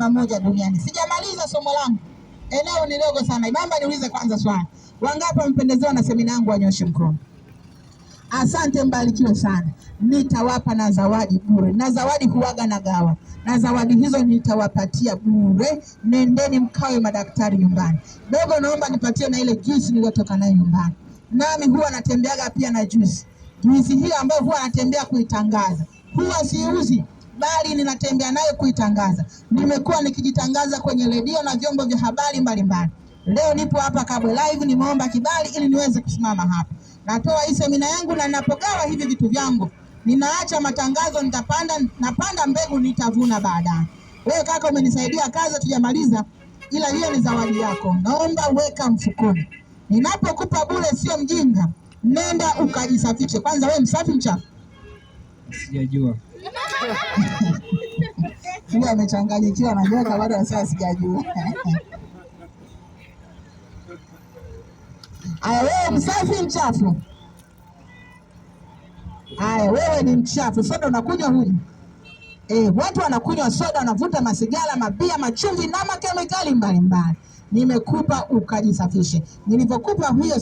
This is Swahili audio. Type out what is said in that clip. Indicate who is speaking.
Speaker 1: namba moja duniani. Sijamaliza somo langu, eneo ni dogo sana. Ibamba, niulize kwanza swali, wangapi wampendezewa na semina yangu? Wanyoshe mkono. Asante, mbarikiwe sana. Nitawapa na zawadi bure, na zawadi huwaga na gawa, na zawadi hizo nitawapatia bure. Nendeni mkawe madaktari nyumbani. Dogo, naomba nipatie na ile juisi niliyotoka nayo nyumbani, nami huwa natembeaga pia na juisi. Juisi hiyo ambayo huwa natembea kuitangaza huwa siuzi bali ninatembea naye kuitangaza. Nimekuwa nikijitangaza kwenye redio na vyombo vya habari mbalimbali. Leo nipo hapa Kabwe Live, nimeomba kibali ili niweze kusimama hapa. Natoa hii semina yangu na ninapogawa hivi vitu vyangu, ninaacha matangazo, nitapanda, napanda mbegu, nitavuna baadaye. Wewe kaka, umenisaidia kazi, tujamaliza, ila hiyo ni zawadi yako, naomba weka mfukoni. Ninapokupa bure, sio mjinga. Nenda ukajisafishe kwanza. Wewe msafi mchafu?
Speaker 2: Sijajua.
Speaker 1: Sijui amechanganyikiwa na nyoka, bado saa sijajua. Aya, wewe msafi mchafu? Aya, wewe ni mchafu. Soda unakunywa huyu? Eh, watu wanakunywa soda, wanavuta masigara, mabia, machumvi na makemikali mbalimbali. Nimekupa ukajisafishe, nilivyokupa huyo